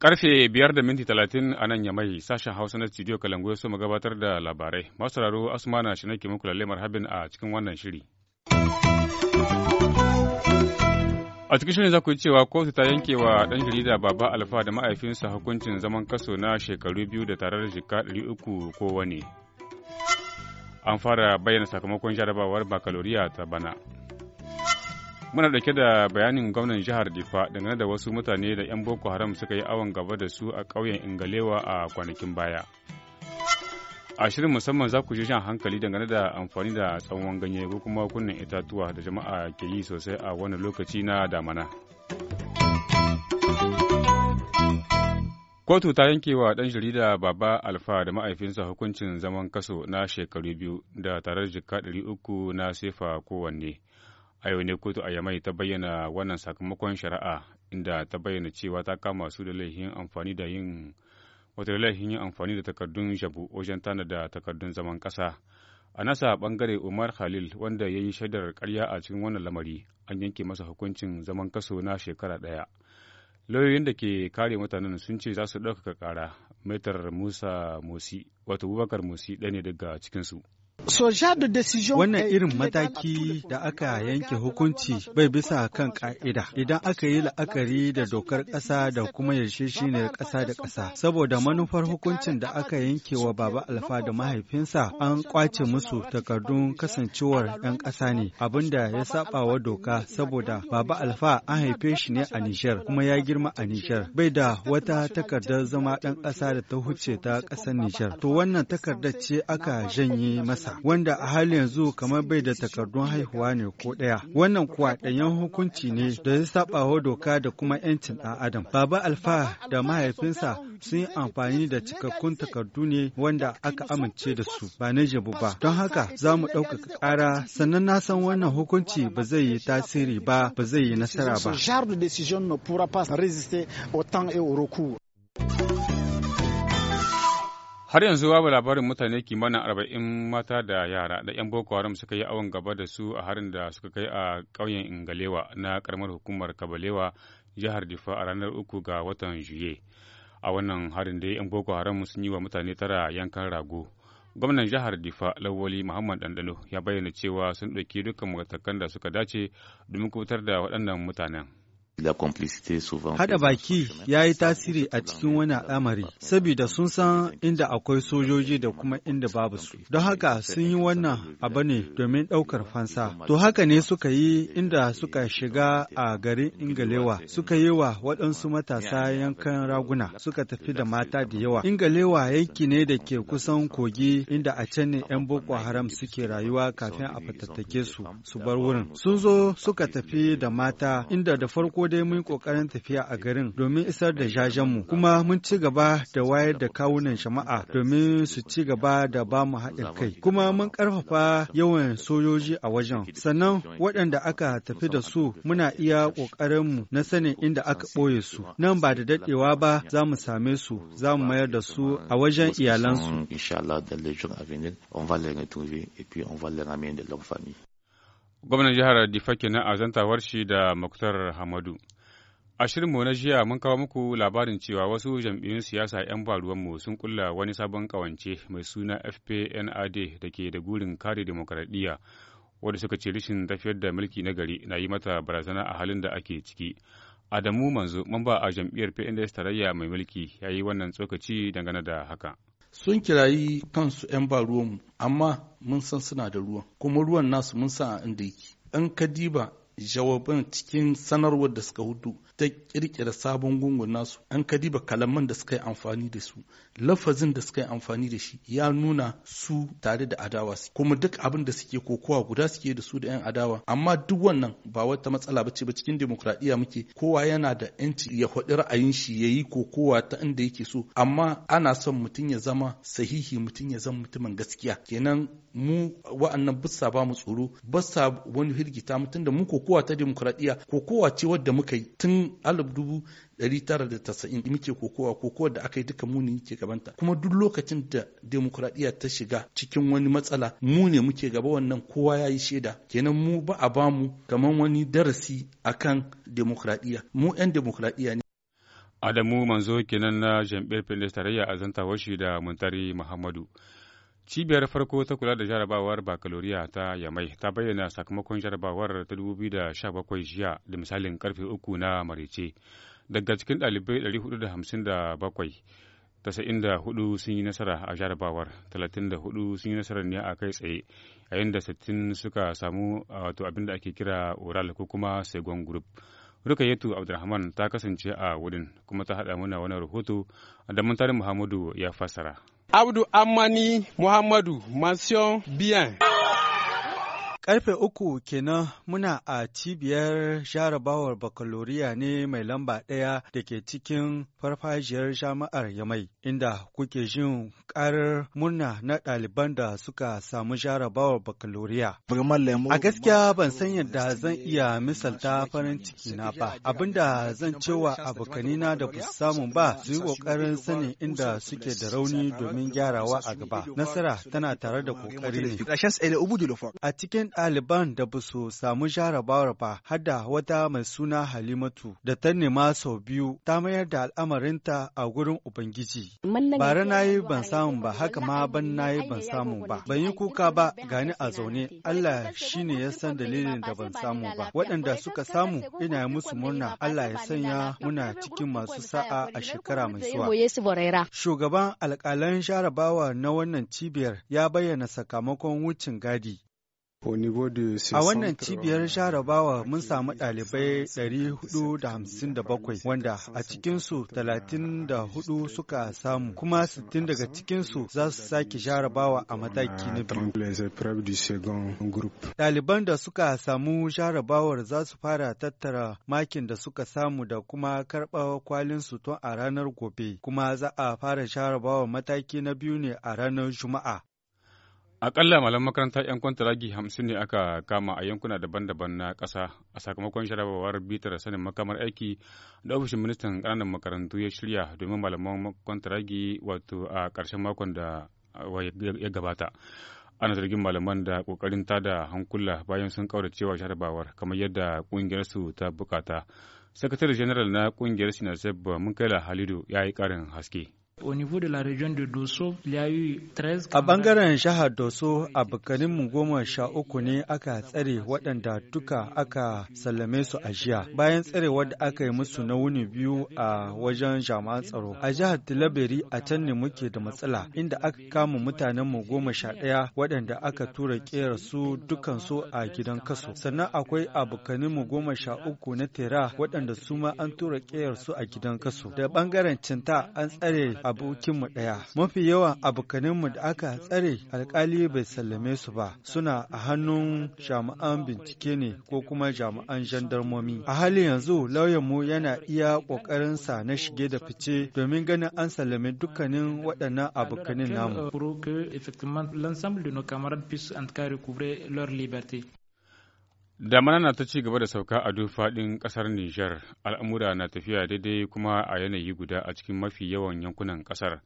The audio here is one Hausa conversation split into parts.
karfe biyar da minti talatin a nan ya yamai sashen hausa na studio kalangu ya so gabatar da labarai masu sauraro asmana shi nake muku lalle marhabin a cikin wannan shiri. A cikin shirin za ku yi cewa kotu ta yanke wa ɗan jarida Baba Alfa da ma'aifinsa hukuncin zaman kaso na shekaru biyu da tarar jika ɗari uku kowane. An fara bayyana sakamakon jarabawar bakaloriya ta bana. Muna ɗauke da bayanin gwamnan jihar Difa dangane da wasu mutane da 'yan Boko Haram suka yi awon gaba da su a ƙauyen Ingalewa a kwanakin baya. a shirin musamman za ku ji shan hankali dangane da amfani da tsawon ganye ko kuma kunnen itatuwa da jama'a ke yi sosai a wannan lokaci na damana. Kotu ta yanke wa ɗan jarida Baba Alfa da ma'aifinsa hukuncin zaman kaso na shekaru biyu da tarar jika ɗari uku na sefa kowanne. A yau ne kotu a Yamai ta bayyana wannan sakamakon shari'a inda ta bayyana cewa ta kama su da laifin amfani da yin wata laifin yi amfani da takardun shabu wajen tanada takardun zaman kasa A nasa bangare Umar Khalil wanda ya yi shaidar karya a cikin wannan lamari an yanke masa hukuncin zaman kaso na shekara ɗaya. Lauyoyin da ke kare mutanen sun ce za su ɗaukaka ƙara, metar Musa Musi, wato Bubakar Musi ɗaya ne daga cikinsu. Wannan irin mataki da aka yanke hukunci bai bisa kan ka'ida idan aka yi la'akari da dokar ƙasa da kuma yarjejeniyar ƙasa da ƙasa. Saboda manufar hukuncin da aka yanke wa Baba Alfa da mahaifinsa an ƙwace musu takardun kasancewar 'yan ƙasa ne abinda ya saba wa doka saboda Baba Alfa an haife shi ne a Nijar kuma ya girma a Nijar bai da wata takardar zama ɗan ƙasa da ta huce ta ƙasar Nijar. To wannan takardar ce aka janye masa wanda a hali yanzu kamar bai da takardun haihuwa ne ko ɗaya. Wannan kuwa ɗanyen hukunci ne da ya saba wa doka da kuma 'yancin ɗan adam. Baba Alfa da mahaifinsa sun yi amfani da cikakkun takardu ne wanda aka amince da su ba na jabu ba. Don haka za mu ɗaukaka ƙara sannan na san wannan hukunci ba zai yi tasiri ba ba zai yi nasara ba. Har yanzu babu labarin mutane kimanin arba'in mata da yara da 'yan Boko Haram suka yi awon gaba da su a harin da suka kai a ƙauyen Ingalewa na karamar hukumar Kabalewa jihar Difa a ranar uku ga watan Juye. A wannan harin dai 'yan Boko Haram sun yi wa mutane tara yankan rago. Gwamnan jihar Difa Lawali Muhammad Dandano ya bayyana cewa sun ɗauki dukkan matakan da suka dace domin kubutar da waɗannan mutanen. Hada baki ya yi tasiri a cikin wani al'amari, saboda sun san inda akwai sojoji da kuma inda babu su. Don haka sun yi wannan abu ne domin euh, ɗaukar fansa. To haka ne suka yi inda suka shiga a garin Ingalewa, suka yi wa euh, waɗansu matasa yankan raguna, suka tafi da mata da yawa. Ingalewa yanki ne da ke kusan kogi inda a can ne 'yan Boko Haram suke rayuwa kafin a fatattake su, su bar wurin. Sun zo suka tafi da mata inda da farko dai mun ƙoƙarin tafiya a garin domin isar da jajenmu kuma mun ci gaba da wayar da kawunan jama'a domin su ci gaba da ba mu haɗin kai kuma mun ƙarfafa yawan sojoji a wajen sannan waɗanda aka tafi da su muna iya ƙoƙarinmu na sanin inda aka ɓoye su nan ba da daɗewa ba za mu same su za mu mayar da su a wajen iyalansu. Gwamnan jihar Difa kenan a zantawar shi da Muktar Hamadu. A shirinmu na jiya mun kawo muku labarin cewa wasu jam'iyyun siyasa 'yan baruwanmu sun kulla wani sabon kawance mai suna FPNAD da ke da gurin kare demokaradiyya wadda suka ce rashin tafiyar da mulki na gari na yi mata barazana a halin da ake ciki. Adamu Manzo, mamba a jam'iyyar PNDS tarayya mai mulki, ya yi wannan tsokaci dangane da haka. sun kirayi kansu 'yan ba ruwanmu amma mun san suna da ruwan kuma ruwan nasu mun san a inda yake in ka diba jawaban cikin sanarwar da suka hudu ta kirkira sabon gungun nasu an kadiba kalaman da suka yi amfani da su lafazin da suka yi amfani da shi ya nuna su tare da adawa kuma duk abin da suke kokowa guda suke da su da yan adawa amma duk wannan ba wata matsala ce ba cikin demokradiyya muke kowa yana da yanci ya faɗi ra'ayin shi ya yi kokowa ta inda yake so amma ana son mutum ya zama sahihi mutum ya zama mutumin gaskiya kenan mu wa'annan bisa ba mu tsoro bisa wani hirgita mutum da mu ko kokowa ta demokradiyya kokowa ce wadda muka yi tun alif dubu tara 1990 muke kokowa kokowa da aka yi duka muni ke gabanta kuma duk lokacin da demokuraɗiyya ta shiga cikin wani matsala mu ne muke gaba wannan kowa ya yi shaida kenan mu ba a bamu kamar wani darasi a kan demokuraɗiyya mu 'yan demokuraɗiyya ne Adamu Manzo kenan na Jam'iyyar Feminist Tarayya a zantawar shi da Muntari Muhammadu. Cibiyar farko ta kula da jarabawar bakaloriya ta Yamai ta bayyana sakamakon jarabawar ta 2017 jiya da misalin karfe uku na marece. Daga cikin dalibai 457 94 sun yi nasara a jarabawar talatin sun yi nasarar ne a kai tsaye yayin da sittin suka samu wato abin da ake kira oral ko kuma segon group rukayetu abdulrahman ta kasance a wurin kuma ta haɗa mana wani rahoto da muntari muhammadu ya fassara Abdou Amani Mohamedou, mention bien. Karfe uku kenan muna a cibiyar jarabawar bakaloriya ne mai lamba ɗaya da ke cikin farfajiyar jama'ar Yamai, inda kuke jin ƙarar murna na ɗaliban da suka samu jarabawar bakaloriya. A gaskiya ban san yadda zan iya misalta farin ciki na ba, abin da zan cewa abokanina da ba samu ba su yi ƙoƙarin sanin inda suke da rauni domin gyarawa a gaba. Nasara tana tare da ƙoƙari ne. A cikin ɗaliban da ba su samu jarabawar ba har da wata mai suna Halimatu da ta nema sau biyu ta mayar da al'amarinta a gurin Ubangiji. Bara na yi ban samu ba haka ma ban na yi ban samu ba. Ban yi kuka ba gani a zaune Allah shi ne ya san dalilin da ban samu ba. Waɗanda suka samu ina musu murna Allah ya sanya muna cikin masu sa'a a shekara mai zuwa. Shugaban alƙalan jarabawa na wannan cibiyar ya bayyana sakamakon wucin gadi A wannan cibiyar jarabawa mun samu ɗalibai 457 wanda a cikinsu 34 suka samu kuma 60 daga cikinsu za su sake jarabawa a mataki na biyu. Ɗaliban da suka samu jarabawar za su fara tattara makin da suka samu da kuma karɓa kwalinsu tun a ranar gobe kuma za a fara jarabawa mataki na biyu ne a ranar Juma'a. Akalla malam makaranta 'yan kwantaragi hamsin ne aka kama a yankuna daban-daban na ƙasa a sakamakon sharabawar bitar sanin makamar aiki da ofishin ministan ƙananan makarantu ya shirya domin malaman kwantaragi wato a ƙarshen makon da ya gabata. ana zargin malaman da ta tada hankula bayan sun cewa jarabawar kamar yadda ƙungiyarsu su ta buƙata sakatare general na ƙungiyar sinaseb munkaila halidu ya yi ƙarin haske A ɓangaren jihar Doso a mu goma sha uku ne aka tsare waɗanda duka aka sallame su a jiya bayan tsare wadda aka yi musu na wuni biyu a wajen jama'a tsaro. A jihar Tilaberi a can ne muke da matsala inda aka kama mutanenmu goma sha ɗaya waɗanda aka tura ƙera su dukan su a gidan kaso. Sannan akwai mu goma sha uku na tera waɗanda su ma an tura ƙera su a gidan kaso. Da ɓangaren cinta an tsare abokinmu ɗaya. Mafi yawan abokaninmu da aka tsare alkali bai sallame su ba suna a hannun jami'an bincike ne ko kuma jami'an jandarmomi. A halin yanzu lauyanmu yana iya sa na shige da fice domin ganin an sallame dukkanin waɗannan abokanin namu. Damana na ta ci gaba da sauka a duk faɗin ƙasar Nijar, al'amura na tafiya daidai kuma a yanayi guda a cikin mafi yawan yankunan ƙasar.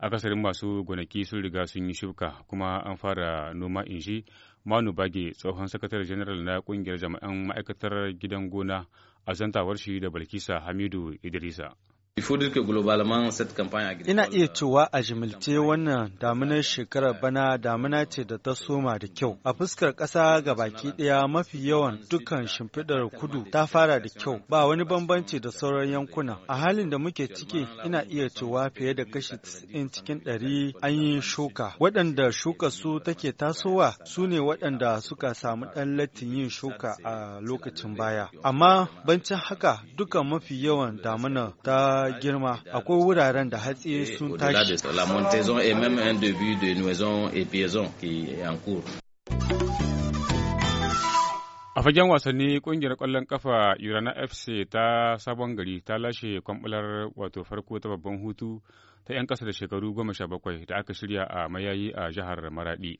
Akasarin masu gonaki sun riga sun yi shuka kuma an fara noma inji Manu Bage tsohon sakatare general na kungiyar jama'an ma'aikatar gidan gona a zantawar shi da Balkisa Hamidu Idrisa. Ina iya cewa a jimilce wannan damunar shekarar bana damuna ce da ta soma da kyau. A fuskar ƙasa ga baki ɗaya mafi yawan dukkan shimfidar kudu ta fara da kyau ba wani bambanci da sauran yankuna. A halin da muke ciki ina iya cewa fiye da kashi 90 cikin ɗari an yi shuka. Waɗanda shuka su take tasowa su ne waɗanda suka samu ɗan yin shuka a lokacin baya. Amma bancin haka dukkan mafi yawan damuna ta girma akwai wuraren da hatsi eh, sun tashi. A fagen wasanni kungiyar kwallon kafa Urana FC ta sabon gari ta lashe kwambular wato farko ta babban hutu ta 'yan kasa da shekaru goma sha bakwai da aka shirya a mayayi a jihar Maradi.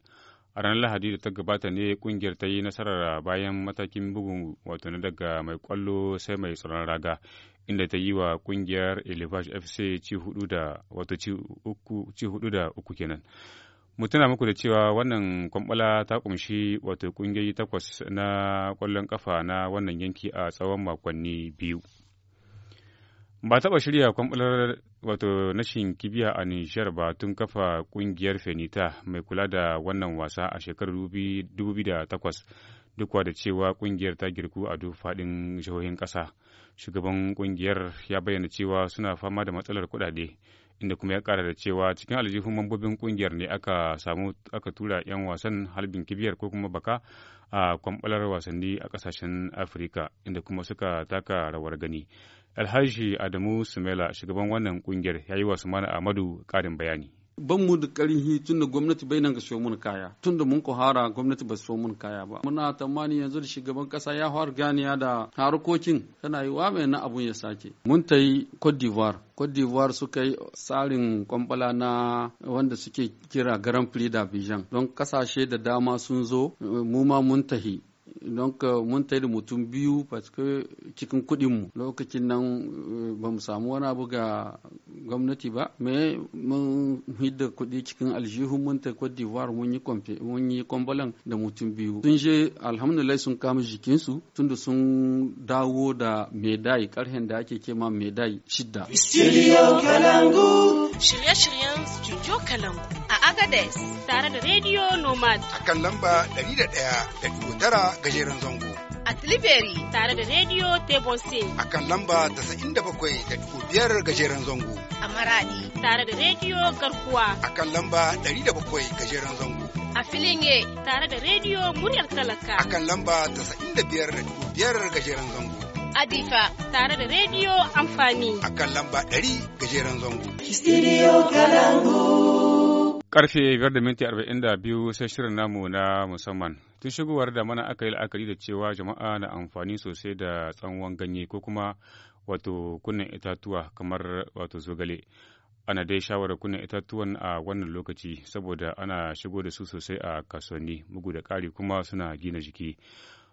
a ranar lahadi da ta gabata ne kungiyar ta yi nasarar bayan matakin bugun wato na daga mai kwallo sai mai tsoron raga inda ta yi wa kungiyar Elevage FC ci hudu da wato ci uku ci hudu da uku kenan. Mu tuna muku da cewa wannan kwambala ta kumshi wato kungiyoyi takwas na kwallon kafa na wannan yanki a tsawon makonni biyu. Ba taɓa shirya kwambalar wato nashin kibiya a Nijar ba tun kafa kungiyar Fenita mai kula da wannan wasa a shekarar 2008 duk da cewa kungiyar ta girku a duk faɗin jihohin ƙasa shugaban kungiyar ya bayyana cewa suna fama da matsalar kuɗaɗe inda kuma ya ƙara da cewa cikin aljihun mambobin kungiyar ne aka samu aka tura 'yan wasan halbin kibiyar ko kuma baka a kwamɓalar wasanni a ƙasashen afirka inda kuma suka taka rawar gani alhaji adamu sumela shugaban wannan kungiyar ya yi wa mana amadu ƙarin bayani ban mu da tun tunda gwamnati bai nan ga siyo mun kaya tunda mun ko hara gwamnati ba siyo mun kaya ba muna tamani yanzu da shugaban kasa ya fara ganiya da harkokin tana yi wa mai na abun ya sake mun ta yi Cote d'Ivoire Cote d'Ivoire suka yi tsarin kwambala na wanda suke kira Grand Prix d'Abidjan don kasashe da dama sun zo mu ma mun tahi don ka mun da mutum biyu paske cikin kudinmu lokacin nan eh, ba mu samu wani abu ga gwamnati ba me mun hidda kudi cikin aljihu mun ta Cote d'Ivoire mun yi mun kwambalan da mutum biyu sun je alhamdulillah sun kama jikinsu tunda sun dawo da medai karhen da ake kema medai shidda studio kalangu shirye-shiryen studio kalangu a Agadez tare da radio nomad akan lamba 101.9 ga gajeren zango. A Tilibiri tare da Radio Table A kan lamba da bakwai da biyar gajeren zango. A Maradi tare da Radio Garkuwa. A kan lamba ɗari da bakwai gajeren zango. A Filinge tare da Radio Muryar Talaka. A kan lamba da biyar biyar gajeren zango. Adifa tare da rediyo amfani. A kan lamba dari gajeren zango. Studio Kalangu. Karfe biyar da minti biyu sai shirin namu na musamman. tun shigowar da mana aka yi la'akari da cewa jama'a na amfani sosai da tsanwan ganye ko kuma wato kunnen itatuwa kamar wato zogale ana dai shawara kunnen itatuwan a wannan lokaci saboda ana shigo da su sosai a kasuwanni mugu da ƙari kuma suna gina jiki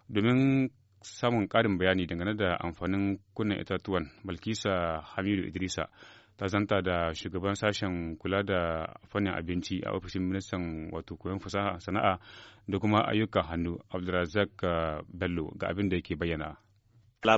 domin samun ƙarin bayani dangane da amfanin kunnen itatuwan balkisa hamidu idrisa ta zanta da shugaban sashen kula da fannin abinci a ofishin ministan wato koyon fasaha sana'a da kuma ayyukan hannu abdulrazak eh, bello ga abin da yake bayyana A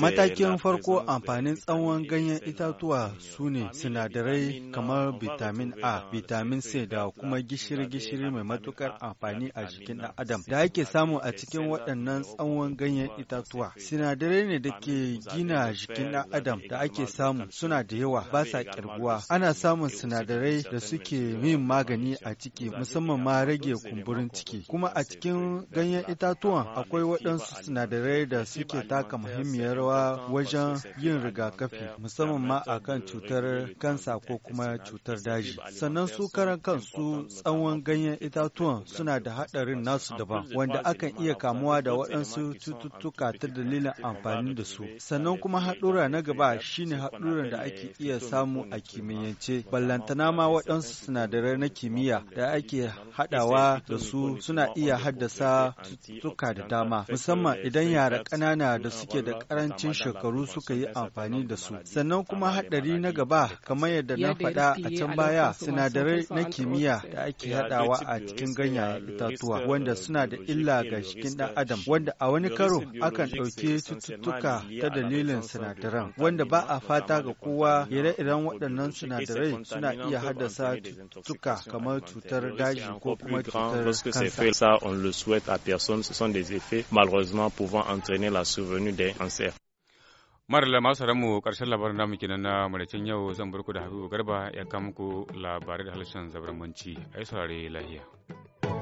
matakin farko amfanin tsawon ganyen itatuwa su ne sinadarai kamar vitamin A, vitamin C da kuma gishiri-gishiri mai matukar amfani a jikin ɗan adam da ake samu a cikin waɗannan tsawon ganyen itatuwa. Sinadarai ne da ke gina jikin ɗan adam da ake samu suna da yawa ba sa kirguwa. Ana samun sinadarai da suke yin magani a ciki musamman ma rage kumburin ciki. Kuma a cikin ganyen itatuwan akwai waɗansu sinadarai sinadarai da suke taka muhimmiyar rawa wajen yin rigakafi musamman ma a kan cutar kansa ko kuma cutar daji. Sannan su karan kansu tsawon ganyen itatuwan suna da haɗarin nasu daban wanda akan iya kamuwa da waɗansu cututtuka ta dalilin amfani da su. Sannan kuma haɗura na gaba shine haɗuran da ake iya samu a kimiyyance. Ballantana ma waɗansu sinadarai na kimiyya da ake haɗawa da su suna iya haddasa cututtuka da dama musamman idan yara ƙanana da suke da ƙarancin shekaru suka yi amfani da su. Sannan kuma haɗari na gaba kamar yadda na faɗa a can baya sinadarai na kimiyya da ake haɗawa a cikin ganyayen itatuwa wanda suna da illa ga jikin ɗan adam wanda a wani karo akan ɗauki cututtuka ta dalilin sinadaran wanda ba a fata ga kowa ire-iren waɗannan sinadarai suna iya haddasa cututtuka kamar cutar daji ko kuma cutar kansa. événements pouvant entraîner la survenue des cancers. Marla masu mu karshen labarin namu kenan na maraicin yau zan barku da Habibu Garba ya kama muku labarai da halashen zabarmanci. Ai saurare lahiya.